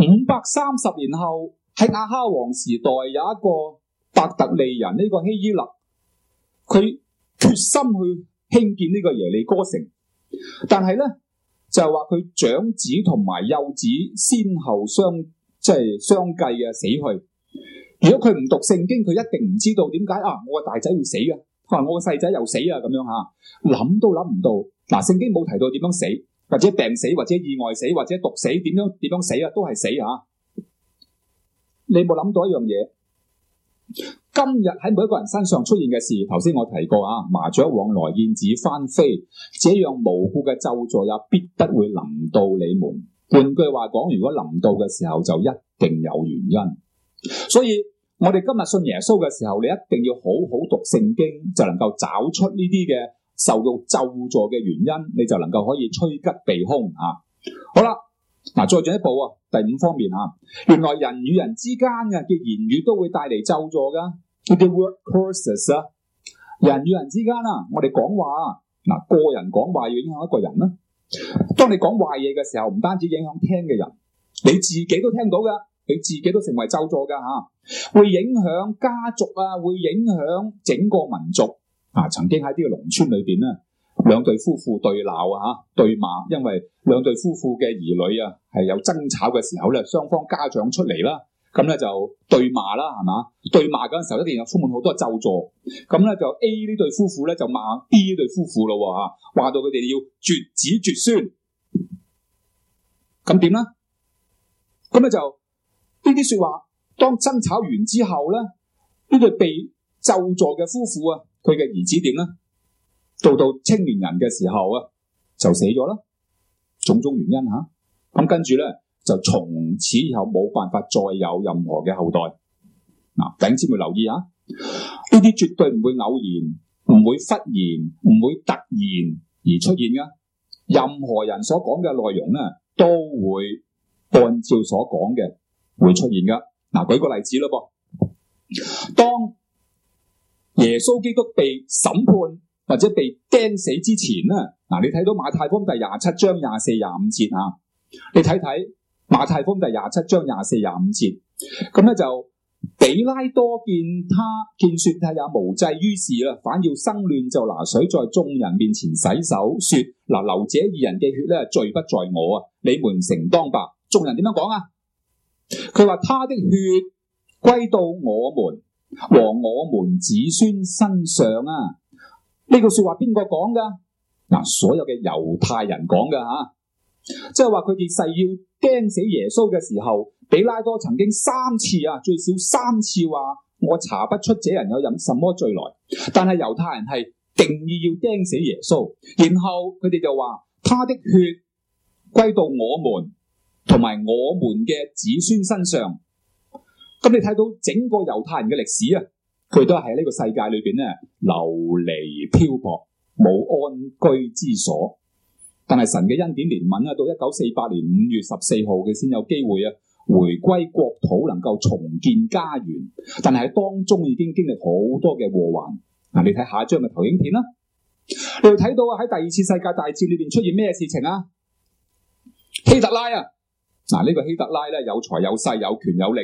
五百三十年後喺亞哈王時代，有一個伯特利人呢個希伊勒，佢決心去興建呢個耶利哥城，但係咧就係話佢長子同埋幼子先後相即係相繼嘅死去。如果佢唔讀聖經，佢一定唔知道點解啊。我個大仔會死啊！話我個細仔又死啊，咁樣吓，諗都諗唔到。嗱，聖經冇提到點樣死，或者病死，或者意外死，或者毒死，點樣點樣死啊？都係死啊！你冇諗到一樣嘢，今日喺每一個人身上出現嘅事，頭先我提過啊，麻雀往來燕子翻飛，這樣無故嘅咒詛也必不會臨到你們。換句話講，如果臨到嘅時候就一定有原因，所以。我哋今日信耶穌嘅時候，你一定要好好讀聖經，就能夠找出呢啲嘅受到咒詛嘅原因，你就能夠可以趨吉避凶啊！好啦，嗱再進一步啊，第五方面啊，原來人與人之間嘅嘅言語都會帶嚟咒詛噶，叫 word curses 啊！人與人之間啊，我哋講話嗱，個人講話要影響一個人啦。當你講壞嘢嘅時候，唔單止影響聽嘅人，你自己都聽到噶。佢自己都成為咒詛噶吓，會影響家族啊，會影響整個民族啊。曾經喺呢個農村裏邊咧，兩對夫婦對鬧啊吓，對罵，因為兩對夫婦嘅兒女啊係有爭吵嘅時候咧，雙方家長出嚟啦，咁咧就對罵啦，係嘛？對罵嗰陣時候一定有充滿好多咒詛。咁咧就 A 呢對夫婦咧就罵 B 呢對夫婦咯吓，話到佢哋要絕子絕孫，咁點咧？咁咧就。呢啲說話，當爭吵完之後咧，呢對被咒詛嘅夫婦啊，佢嘅兒子點咧？到到青年人嘅時候啊，就死咗啦。種種原因吓，咁、啊、跟住咧就從此以後冇辦法再有任何嘅後代嗱。總、啊、之，咪留意啊，呢啲絕對唔會偶然，唔、嗯、會忽然，唔會突然而出現嘅。任何人所講嘅內容咧，都會按照所講嘅。會出現噶，嗱，舉個例子啦，噃當耶穌基督被審判或者被釘死之前啊，嗱，你睇到馬太福音第廿七章廿四廿五節啊，你睇睇馬太福音第廿七章廿四廿五節，咁咧就比拉多見他見說他也無濟於事啦，反要生亂，就拿水在眾人面前洗手，說，嗱，流者二人嘅血咧，罪不在我啊，你們承當吧。眾人點樣講啊？佢話他，他的血歸到我們和我們子孫身上啊！呢句話說話邊個講噶？嗱，所有嘅猶太人講噶吓，即係話佢哋誓要釘死耶穌嘅時候，比拉多曾經三次啊，最少三次話我查不出這人有飲什麼罪來，但係猶太人係定意要釘死耶穌，然後佢哋就話他的血歸到我們。同埋我們嘅子孫身上，咁你睇到整個猶太人嘅歷史啊，佢都係喺呢個世界裏邊咧流離漂泊，冇安居之所。但係神嘅恩典憐憫啊，到一九四八年五月十四號嘅先有機會啊回歸國土，能夠重建家園。但係喺當中已經經歷好多嘅禍患。嗱，啊，你睇下一張嘅投影片啦，你會睇到啊喺第二次世界大戰裏邊出現咩事情啊？希特拉啊！嗱，呢個希特拉咧有財有勢，有權有力，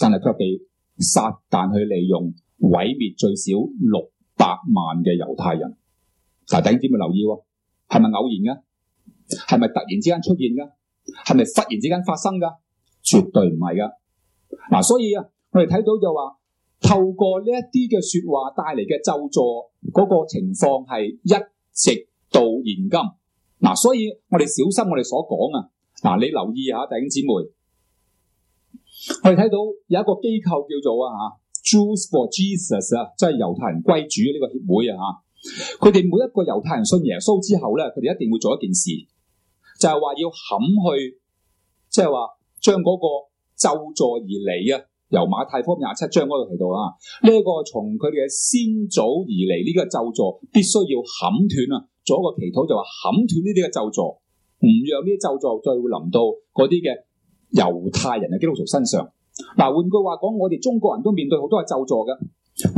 但係卻被撒旦去利用毀滅最少六百萬嘅猶太人。但係頂點要留意，係咪偶然噶？係咪突然之間出現噶？係咪忽然之間發生噶？絕對唔係噶。嗱，所以啊，我哋睇到就話、是、透過呢一啲嘅說話帶嚟嘅咒詛嗰個情況係一直到現今。嗱，所以我哋小心我哋所講啊。嗱，你留意下，弟兄姊妹，我哋睇到有一個機構叫做啊，哈，Jews for Jesus 啊，即係猶太人歸主呢個協會啊，佢哋每一個猶太人信耶穌之後咧，佢哋一定會做一件事，就係、是、話要砍去，即係話將嗰個咒詛而嚟，啊，由馬太福音廿七章嗰度提到啊，呢、這、一個從佢哋嘅先祖而嚟呢個咒詛，必須要砍斷啊，做一個祈禱就話、是、砍斷呢啲嘅咒詛。唔讓呢啲咒詛再會臨到嗰啲嘅猶太人嘅基督徒身上。嗱，換句話講，我哋中國人都面對好多係咒詛嘅。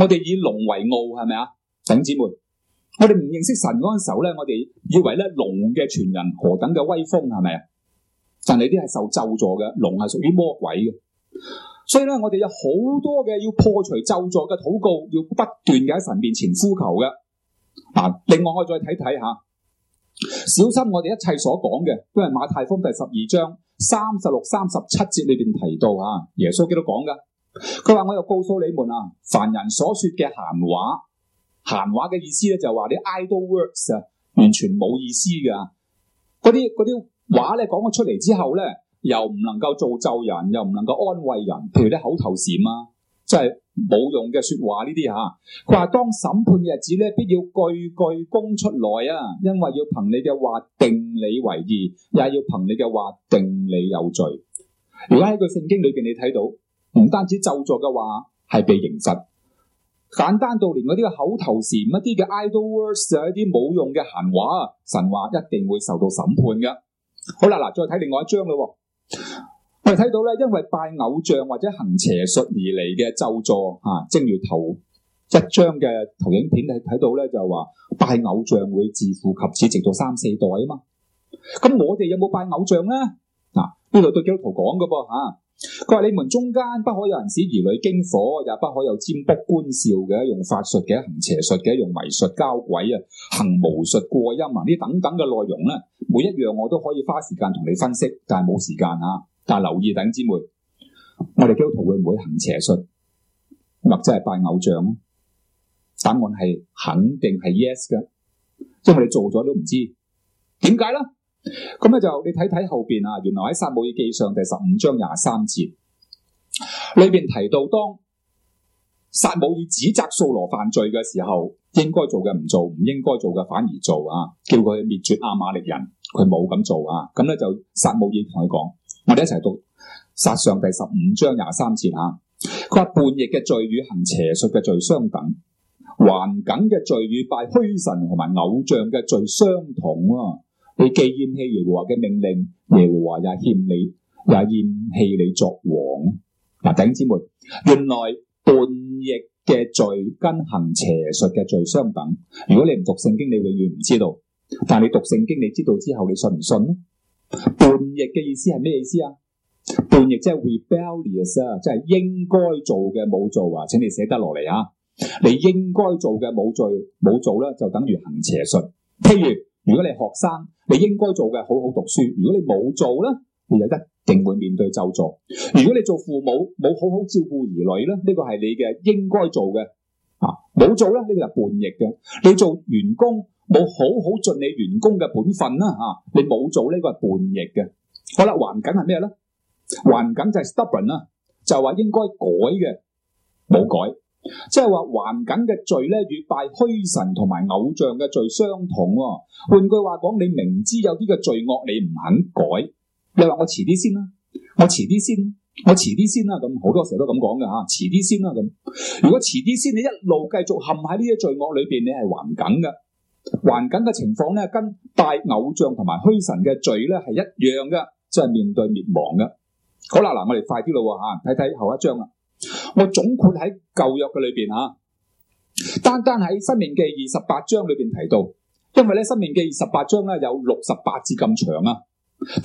我哋以龍為傲，係咪啊？弟兄姊妹，我哋唔認識神嗰陣時候咧，我哋以為咧龍嘅傳人何等嘅威風，係咪啊？但係啲係受咒詛嘅，龍係屬於魔鬼嘅。所以咧，我哋有好多嘅要破除咒詛嘅禱告，要不斷嘅喺神面前呼求嘅。嗱，另外我再睇睇下。小心我哋一切所講嘅，因為馬太福音第十二章三十六、三十七節裏邊提到啊，耶穌基督講噶，佢話我又告訴你們啊，凡人所說嘅閒話，閒話嘅意思咧就係話你 idle words 啊，works, 完全冇意思噶，嗰啲嗰啲話咧講咗出嚟之後咧，又唔能夠造就人，又唔能夠安慰人，譬如啲口頭禪啊，就係、是。冇用嘅說話呢啲吓，佢話當審判嘅日子咧，必要句句供出來啊！因為要憑你嘅話定你為義，也要憑你嘅話定你有罪。而家喺個聖經裏邊，你睇到唔單止咒詛嘅話係被刑罰，簡單到連嗰啲個口頭禪一啲嘅 idle words 啊，一啲冇用嘅閒話，神話一定會受到審判嘅。好啦，嗱，再睇另外一章啦。我睇到咧，因為拜偶像或者行邪術而嚟嘅咒詛啊，正如頭一張嘅投影片，你睇到咧就話拜偶像會自父及子直到三四代啊嘛。咁我哋有冇拜偶像咧？嗱、啊，呢度對基督徒講嘅噃吓，佢、啊、話你們中間不可有人使兒女經火，也不可有占卜觀兆嘅，用法術嘅，行邪術嘅，用迷術交鬼啊，行巫術過陰啊，呢等等嘅內容咧，每一樣我都可以花時間同你分析，但係冇時間啊。但留意等姊妹，我哋基督徒會唔會行邪術，或者係拜偶像？答案係肯定係 yes 噶因為你做咗都唔知點解啦。咁咧就你睇睇後邊啊，原來喺撒母耳記上第十五章廿三節，裏邊提到當撒母耳指責掃羅犯罪嘅時候，應該做嘅唔做，唔應該做嘅反而做啊，叫佢去滅絕亞瑪力人，佢冇咁做啊，咁咧就撒母耳同佢講。我哋一齊讀《撒上》第十五章廿三節啊！佢話，叛逆嘅罪與行邪術嘅罪相等，頑梗嘅罪與拜虛神同埋偶像嘅罪相同啊！你既厭棄耶和華嘅命令，耶和華也欠你，也厭棄你作王。嗱、啊，弟兄姊妹，原來叛逆嘅罪跟行邪術嘅罪相等。如果你唔讀聖經，你永遠唔知道。但係你讀聖經，你知道之後，你信唔信呢？叛逆嘅意思係咩意思啊？叛逆即係 rebellious 啊，即係應該做嘅冇做啊，請你寫得落嚟啊！你應該做嘅冇做，冇做咧就等於行邪術。譬如如果你學生，你應該做嘅好好讀書，如果你冇做咧，你就一定會面對咒詛。如果你做父母冇好好照顧兒女咧，呢、這個係你嘅應該做嘅啊，冇做咧呢、這個係叛逆嘅。你做員工。冇好好盡你員工嘅本分啦、啊、吓，你冇做呢個係叛逆嘅。好啦，頑梗係咩咧？頑梗就係 stubborn 啦、啊，就話、是、應該改嘅，冇改，即係話頑梗嘅罪咧，與拜虛神同埋偶像嘅罪相同、啊。換句話講，你明知有啲嘅罪惡，你唔肯改，你話我遲啲先啦，我遲啲先我遲啲先啦，咁好多時候都咁講噶吓，遲啲先啦咁。如果遲啲先，你一路繼續陷喺呢啲罪惡裏邊，你係頑梗嘅。環境嘅情況咧，跟拜偶像同埋虛神嘅罪咧係一樣嘅，即係面對滅亡嘅。好啦，嗱，我哋快啲咯吓，睇睇後一章啊！我總括喺舊約嘅裏邊啊，單單喺申命記二十八章裏邊提到，因為咧申命記二十八章咧有六十八節咁長啊，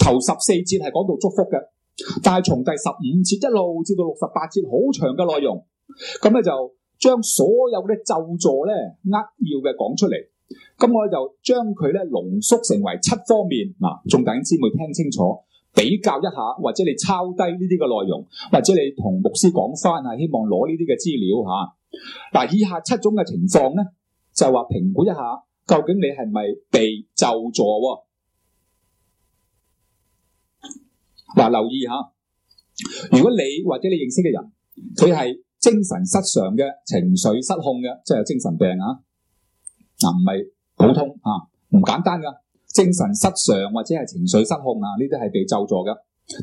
頭十四節係講到祝福嘅，但係從第十五節一路至到六十八節，好長嘅內容，咁咧就將所有嘅咒詛咧扼要嘅講出嚟。咁我就將佢咧濃縮成為七方面。嗱，眾弟兄姊妹聽清楚，比較一下，或者你抄低呢啲嘅內容，或者你同牧師講翻啊，希望攞呢啲嘅資料吓。嗱，以下七種嘅情況咧，就話評估一下，究竟你係咪被咒詛？嗱，留意下，如果你或者你認識嘅人，佢係精神失常嘅、情緒失控嘅，即係精神病啊。嗱，唔係、啊、普通啊，唔簡單噶。精神失常或者係情緒失控啊，呢啲係被咒詛嘅。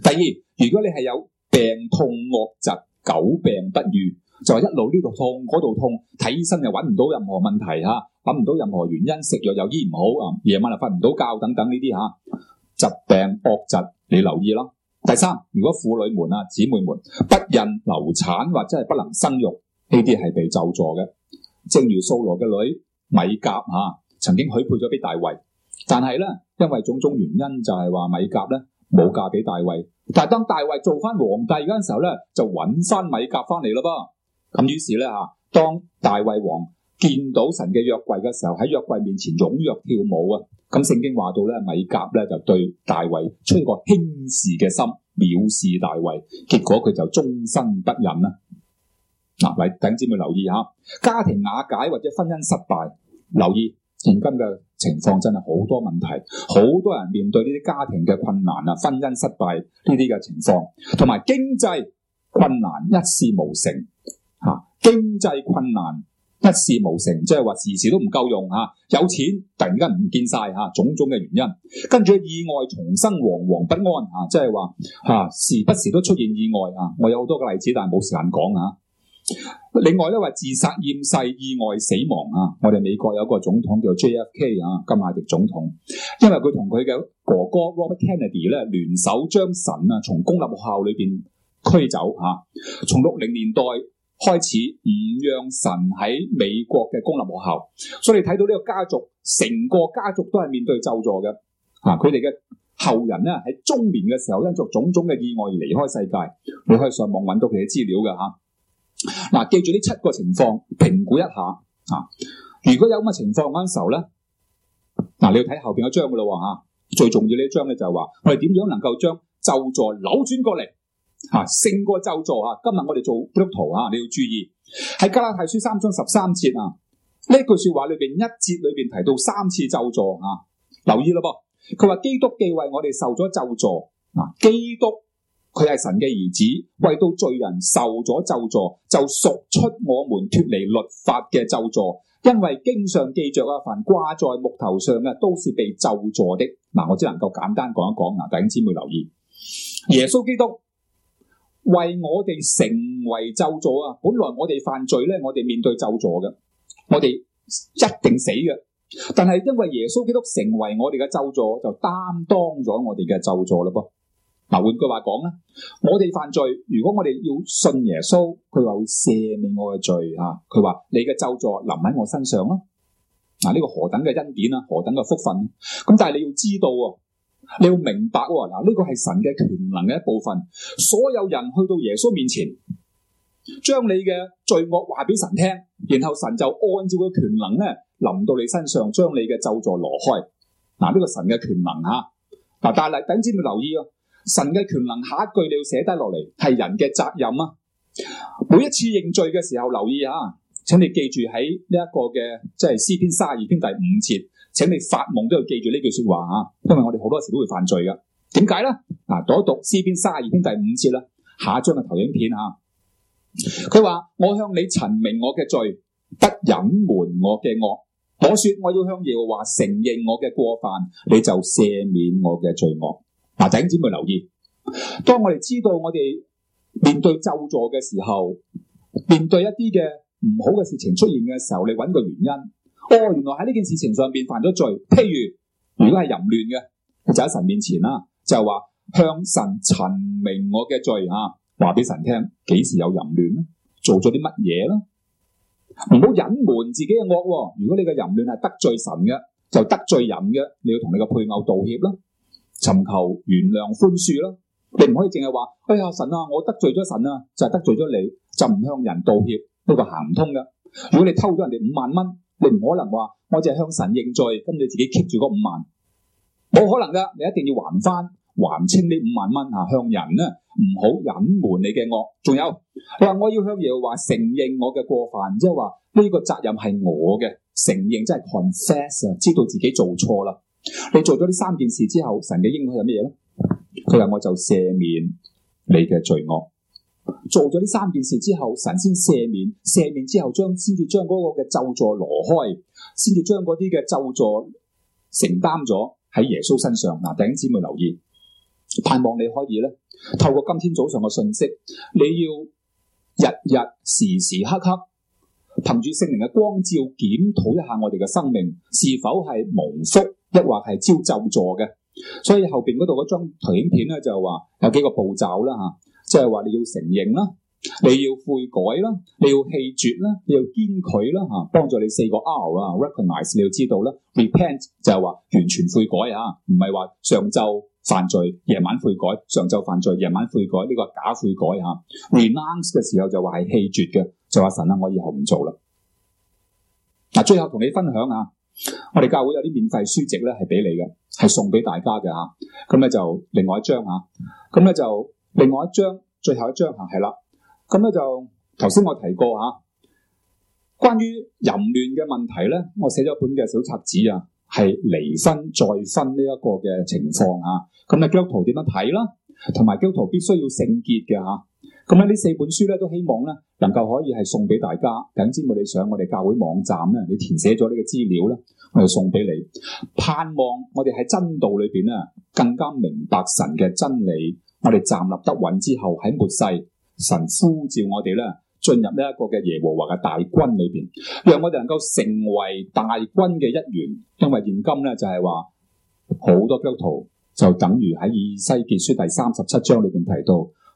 第二，如果你係有病痛惡疾、久病不愈，就係、是、一路呢度痛嗰度痛，睇醫生又揾唔到任何問題吓，揾、啊、唔到任何原因，食藥又醫唔好啊，夜晚又瞓唔到覺，等等呢啲吓，疾病惡疾，你留意咯。第三，如果婦女們啊、姊妹們不孕、流產或者係不能生育，呢啲係被咒詛嘅，正如掃羅嘅女。米甲吓，曾經許配咗俾大衛，但係咧，因為種種原因就，就係話米甲咧冇嫁俾大衛。但係當大衛做翻皇帝嗰陣時候咧，就揾翻米甲翻嚟咯噃。咁於是咧吓，當大衛王見到神嘅約櫃嘅時候，喺約櫃面前踴躍跳舞啊！咁聖經話到咧，米甲咧就對大衛出個輕視嘅心，藐視大衛，結果佢就終身不忍啊！嗱，嚟弟姐妹留意下，家庭瓦解或者婚姻失敗，留意現今嘅情況真係好多問題，好多人面對呢啲家庭嘅困難啊，婚姻失敗呢啲嘅情況，同埋經濟困難一事無成，吓、啊、經濟困難一事無成，即係話時時都唔夠用吓、啊，有錢突然間唔見晒吓、啊，種種嘅原因，跟住意外重生，惶惶不安啊，即係話吓時不時都出現意外啊，我有好多個例子，但係冇時間講啊。另外咧，話自殺、厭世、意外死亡啊！我哋美國有個總統叫 J F K 啊，甘迺迪嘅總統，因為佢同佢嘅哥哥 Robert Kennedy 咧聯手將神啊從公立學校裏邊驅走啊！從六零年代開始，唔讓神喺美國嘅公立學校，所以你睇到呢個家族成個家族都係面對咒詛嘅啊！佢哋嘅後人咧喺中年嘅時候，因着種種嘅意外而離開世界，你可以上網揾到佢嘅資料噶吓。啊嗱，記住呢七個情況，評估一下啊。如果有咁嘅情況嗰陣時候咧，嗱、啊，你要睇後邊一張噶啦，吓、啊、最重要呢一張咧就係話，我哋點樣能夠將咒詛扭轉過嚟啊？勝過咒詛啊！今日我哋做呢張圖啊，你要注意喺《加拉太書》三章十三節啊，呢句說話裏邊一節裏邊提到三次咒詛啊，留意啦噃。佢、啊、話基督既為我哋受咗咒詛啊，基督。佢係神嘅兒子，為到罪人受咗咒詛，就贖出我們脫離律法嘅咒詛。因為經上記着啊，凡掛在木頭上嘅，都是被咒詛的。嗱，我只能夠簡單講一講，嗱，弟兄姊妹留意，耶穌基督為我哋成為咒詛啊！本來我哋犯罪咧，我哋面對咒詛嘅，我哋一定死嘅。但係因為耶穌基督成為我哋嘅咒詛，就擔當咗我哋嘅咒詛咯噃。嗱，換句話講咧，我哋犯罪，如果我哋要信耶穌，佢話會赦免我嘅罪啊！佢話你嘅咒詛臨喺我身上咯。嗱，呢個何等嘅恩典啊，何等嘅福分！咁但係你要知道，你要明白嗱，呢個係神嘅權能嘅一部分。所有人去到耶穌面前，將你嘅罪惡話俾神聽，然後神就按照佢權能咧，臨到你身上，將你嘅咒詛挪開。嗱，呢個神嘅權能吓。嗱，但係等住要留意咯。神嘅權能，下一句你要寫低落嚟，係人嘅責任啊！每一次認罪嘅時候，留意啊，請你記住喺呢一個嘅，即係詩篇卅二篇第五節，請你發夢都要記住呢句說話啊！因為我哋好多時都會犯罪噶，點解咧？嗱，讀一讀詩篇卅二篇第五節啦，下一張嘅投影片啊，佢話我向你陳明我嘅罪，不隱瞞我嘅惡，我說我要向耶和華承認我嘅過犯，你就赦免我嘅罪惡。嗱，弟兄姊妹留意，當我哋知道我哋面對咒詛嘅時候，面對一啲嘅唔好嘅事情出現嘅時候，你揾個原因。哦，原來喺呢件事情上邊犯咗罪。譬如，如果係淫亂嘅，就喺神面前啦，就話向神陳明我嘅罪啊，話俾神聽，幾時有淫亂咧？做咗啲乜嘢咧？唔好隱瞞自己嘅惡。如果你嘅淫亂係得罪神嘅，就得罪人嘅，你要同你嘅配偶道歉啦。尋求原諒寬恕啦，你唔可以淨係話，哎呀神啊，我得罪咗神啊，就係、是、得罪咗你，就唔向人道歉，呢、這個行唔通嘅。如果你偷咗人哋五萬蚊，你唔可能話，我淨係向神認罪，跟住自己 keep 住嗰五萬，冇可能噶，你一定要還翻，還清呢五萬蚊啊，向人呢，唔好隱瞞你嘅惡。仲有，嗱，我要向耶和華承認我嘅過犯，即係話呢個責任係我嘅，承認即係 confess 啊，知道自己做錯啦。你做咗呢三件事之後，神嘅應許係乜嘢咧？佢話我就赦免你嘅罪惡。做咗呢三件事之後，神先赦免，赦免之後，將先至將嗰個嘅咒詛挪開，先至將嗰啲嘅咒詛承擔咗喺耶穌身上嗱。頂、啊、姊妹留意，盼望你可以咧透過今天早上嘅信息，你要日日時時刻刻憑住聖靈嘅光照檢討一下我哋嘅生命是否係無福。一或係招咒詛嘅，所以後邊嗰度嗰張投影片咧就話有幾個步驟啦吓，即係話你要承認啦，你要悔改啦，你要棄絕啦，你要堅拒啦吓，幫助你四個 R 啊 recognize 你要知道啦，repent 就係話完全悔改啊，唔係話上晝犯罪夜晚悔改，上晝犯罪夜晚悔改呢、這個係假悔改啊，renounce 嘅時候就話係棄絕嘅，就話神啦、啊，我以後唔做啦。嗱，最後同你分享啊。我哋教會有啲免費書籍咧，係俾你嘅，係送俾大家嘅吓。咁咧就另外一張吓，咁咧就另外一張，最後一張係啦。咁咧就頭先我提過吓，關於淫亂嘅問題咧，我寫咗一本嘅小冊子啊，係離婚再婚呢一個嘅情況啊。咁咧基督徒點樣睇啦？同埋基督徒必須要聖潔嘅吓。咁呢四本書咧都希望咧，能夠可以係送俾大家。總之我哋上我哋教會網站咧，你填寫咗呢個資料咧，我就送俾你。盼望我哋喺真道裏邊啊，更加明白神嘅真理。我哋站立得穩之後，喺末世，神呼召我哋咧，進入呢一個嘅耶和華嘅大軍裏邊，讓我哋能夠成為大軍嘅一員。因為現今咧，就係話好多基督徒就等於喺以西結書第三十七章裏邊提到。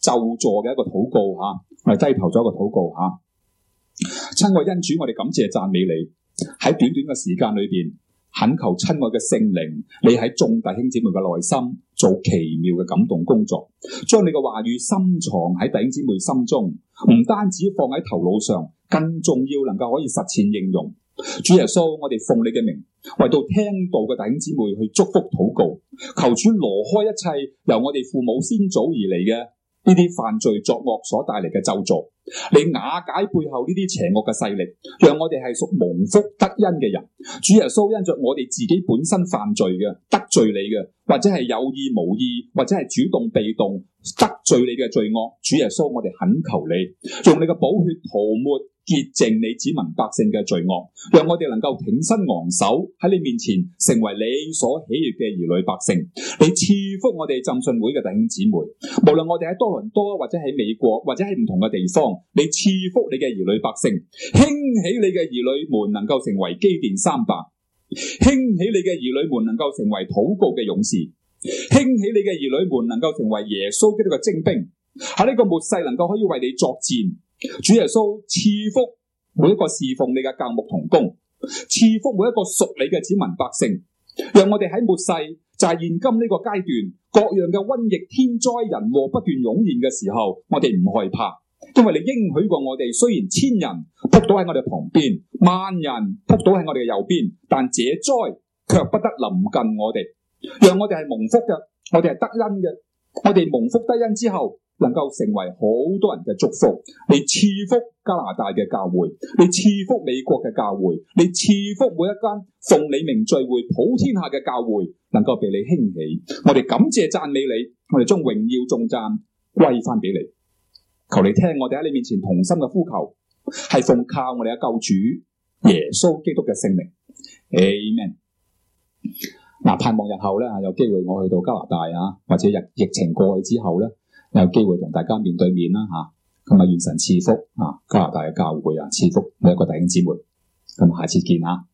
就座嘅一個禱告吓，係、啊、低頭咗一個禱告吓。親、啊、愛恩主，我哋感謝讚美你喺短短嘅時間裏邊，懇求親愛嘅聖靈，你喺眾弟兄姊妹嘅內心做奇妙嘅感動工作，將你嘅話語深藏喺弟兄姊妹心中，唔單止放喺頭腦上，更重要能夠可以實踐應用。主耶穌，我哋奉你嘅名，為到聽到嘅弟兄姊妹去祝福禱告，求主挪開一切由我哋父母先祖而嚟嘅。呢啲犯罪作惡所帶嚟嘅咒詛，你瓦解背後呢啲邪惡嘅勢力，讓我哋係屬蒙福得恩嘅人。主耶穌因着我哋自己本身犯罪嘅得罪你嘅，或者係有意無意，或者係主動被動得罪你嘅罪惡，主耶穌我哋懇求你用你嘅寶血塗抹。潔淨你子民百姓嘅罪惡，讓我哋能夠挺身昂首喺你面前，成為你所喜悅嘅兒女百姓。你賜福我哋浸信會嘅弟兄姊妹，無論我哋喺多倫多或者喺美國或者喺唔同嘅地方，你賜福你嘅兒女百姓，興起你嘅兒女們能夠成為基甸三百，興起你嘅兒女們能夠成為禱告嘅勇士，興起你嘅兒女們能夠成為耶穌基督嘅精兵，喺呢個末世能夠可以為你作戰。主耶穌賜福每一個侍奉你嘅教牧同工，賜福每一個屬你嘅子民百姓，讓我哋喺末世就係現今呢個階段，各樣嘅瘟疫、天災人禍不斷湧現嘅時候，我哋唔害怕，因為你應許過我哋，雖然千人撲倒喺我哋旁邊，萬人撲倒喺我哋嘅右邊，但這災却不得臨近我哋，讓我哋係蒙福嘅，我哋係得恩嘅，我哋蒙福得恩之後。能夠成為好多人嘅祝福，你賜福加拿大嘅教會，你賜福美國嘅教會，你賜福每一間奉你名聚會普天下嘅教會，能夠被你興起，我哋感謝讚美你，我哋將榮耀頌讚歸翻俾你，求你聽我哋喺你面前同心嘅呼求，係奉靠我哋嘅救主耶穌基督嘅聖名，阿門。嗱，盼望日後咧有機會我去到加拿大啊，或者疫疫情過去之後咧。有機會同大家面對面啦嚇，咁啊，願神賜福啊，加拿大嘅教會啊，賜福每一個弟兄姊妹，咁下次見啦。